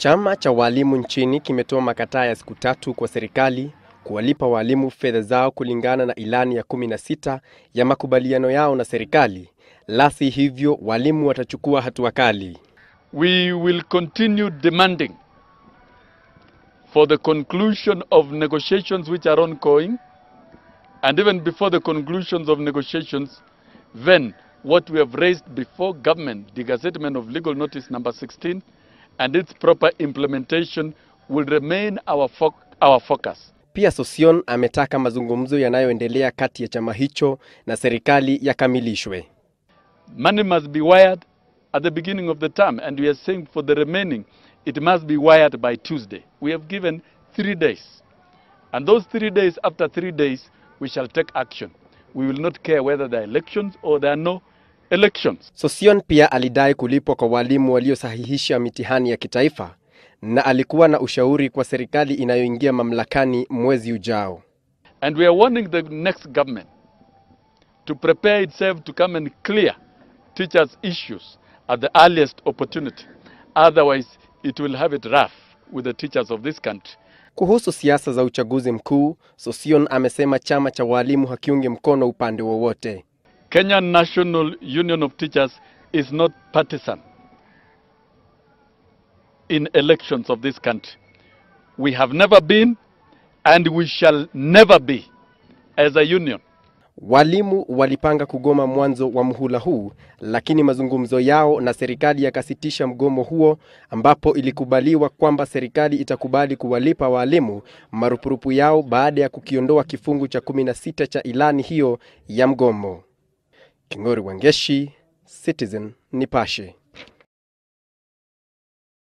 Chama cha walimu nchini kimetoa makataa ya siku tatu kwa serikali kuwalipa walimu fedha zao kulingana na ilani ya 16 ya makubaliano yao na serikali, lasi hivyo walimu watachukua hatua kali. We will continue demanding for the conclusion of negotiations which are ongoing and even before the conclusions of negotiations then what we have raised before government the gazettement of legal notice number 16 and its proper implementation will remain our, fo our focus. Pia Sosion ametaka mazungumzo yanayoendelea kati ya chama hicho na serikali yakamilishwe. Money must be wired at the beginning of the term and we are saying for the remaining it must be wired by Tuesday. We have given three days and those three days after three days we shall take action. We will not care whether there are elections or there are no elections. Sosion pia alidai kulipwa kwa walimu waliosahihisha mitihani ya kitaifa na alikuwa na ushauri kwa serikali inayoingia mamlakani mwezi ujao. And we are warning the next government to prepare itself to come and clear teachers issues at the earliest opportunity. Otherwise it will have it rough with the teachers of this country. Kuhusu siasa za uchaguzi mkuu, Sosion amesema chama cha walimu hakiungi mkono upande wowote. Kenyan National Union of Teachers is not partisan in elections of this country. We have never been and we shall never be as a union. Walimu walipanga kugoma mwanzo wa mhula huu, lakini mazungumzo yao na serikali yakasitisha mgomo huo, ambapo ilikubaliwa kwamba serikali itakubali kuwalipa walimu marupurupu yao baada ya kukiondoa kifungu cha 16 cha ilani hiyo ya mgomo. Kingori Wangeshi, Citizen Nipashe.